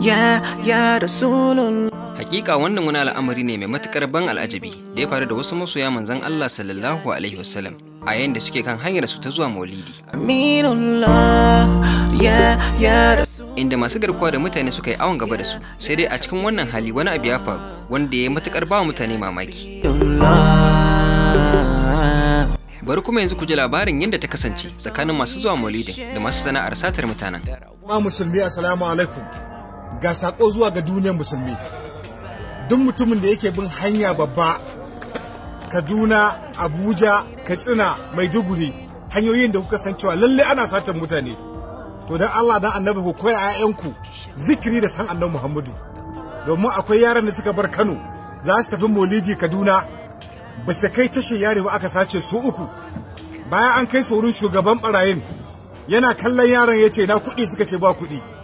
ya ya rasulullah hakika wannan wani al'amari ne mai matukar ban al'ajabi da ya faru da wasu masoya manzon Allah sallallahu alaihi wasallam a yayin da suke kan hanyar su ta zuwa maulidi inda masu garkuwa da mutane suka yi awon gaba da su sai dai a cikin wannan hali wani abu ya faru wanda ya yi matukar ba mutane mamaki bari kuma yanzu ku ji labarin yadda ta kasance tsakanin masu zuwa maulidin da masu sana'ar satar mutanen. Ma musulmi assalamu alaikum. ga sako zuwa ga duniyar musulmi duk mutumin da yake bin hanya babba kaduna abuja katsina maiduguri hanyoyin da kuka san cewa lalle ana satan mutane to dan allah dan annabi ku koya 'ya'yanku zikiri da san annabi muhammadu domin akwai yaran da suka bar kano za su tafi molidi kaduna ba su kai tashin yare ba aka sace su uku bayan an kai su shugaban barayin yana kallon yaran ya ce na kuɗi suka ce ba kuɗi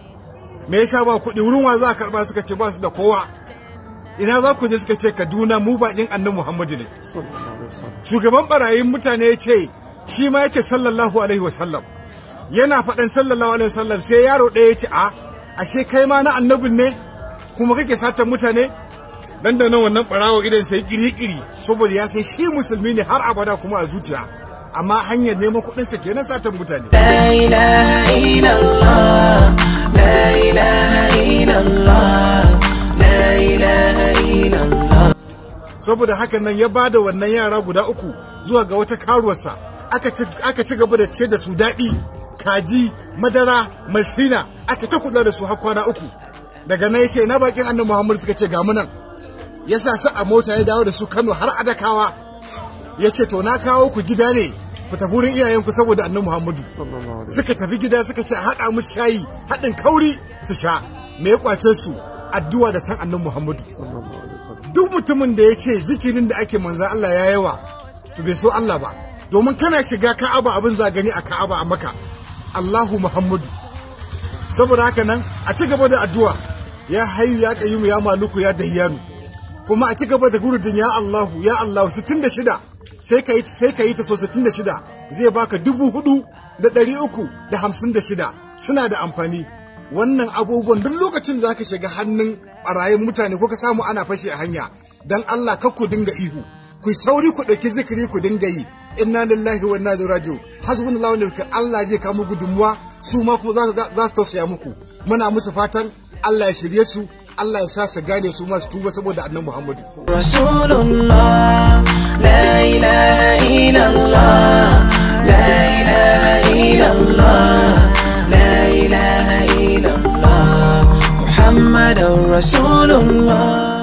me yasa ba kuɗi wurin wa za a karɓa suka ce ba su da kowa ina za ku je suka ce kaduna mu baƙin annabi muhammadu ne shugaban barayin mutane ya ce shi ma ya ce sallallahu alaihi sallam yana faɗan sallallahu alaihi sallam sai yaro ɗaya ya ce a ashe kai ma na annabin ne kuma kake satan mutane dan da nan wannan barawo idan sai kiri-kiri saboda ya san shi musulmi ne har abada kuma a zuciya amma hanyar neman kuɗin sa kenan satan mutane la ilaha illallah la ilaha illallah saboda hakan nan ya bada wannan yara guda uku zuwa ga wata karuwarsa aka ci gaba da ce da su daɗi kaji madara maltina aka ta kula da su har kwana uku daga nan yace na bakin annabi Muhammad suka ce ga mu nan yasa su a mota ya dawo da su Kano har adakawa ce to na kawo ku gida ne ku tafi wurin iyayenku saboda annabi Muhammadu suka tafi gida suka ce haɗa musu shayi haɗin kauri su sha me ya kwace su addu'a da san annabi Muhammadu duk mutumin da ya ce zikirin da ake manzan Allah ya yawa to bai so Allah ba domin kana shiga Ka'aba abin zagani a Ka'aba a Makka Allahu Muhammadu saboda haka nan a ci gaba da addu'a ya hayyu ya qayyum ya maluku ya dahiyanu kuma a ci gaba da gurudin ya Allahu ya Allahu 66 sai ka yi sai ka yi ta 66 zai baka dubu hudu da ɗari uku da hamsin da shida suna da amfani wannan abubuwan duk lokacin za ka shiga hannun barayin mutane ko ka samu ana fashe a hanya don Allah ka ku dinga ihu ku sauri ku ɗauki zikiri ku dinga yi inna lillahi wa inna ilaihi raji'un hasbunallahu wa ni'mal Allah zai kawo gudunmuwa su ma kuma za su tausaya muku muna musu fatan Allah ya shirye su Allah ya sa su gane su masu tuba saboda annan Muhammadu. Rasulullah la ilaha illallah la ilaha illallah la Rasulullah